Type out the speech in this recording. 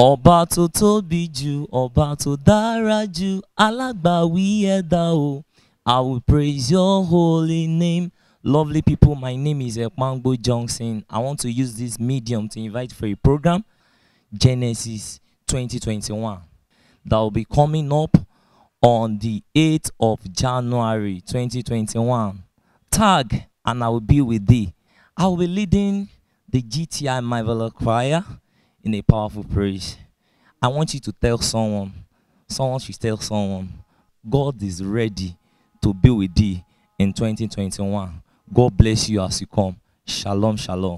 ọba tó tóbi jù ọba tó dára jù alágbàwí ẹ̀dá o i will praise your holy name lovely people my name is ekpangbo johnson i want to use this medium to invite for a program genesis 2021 that will be coming up on the 8th of january 2021 tag and i will be with thee i will be leading the gti marvelous choir in a powerful praise. I want you to tell someone, someone should tell someone, God is ready to be with thee in 2021. God bless you as you come. Shalom, shalom.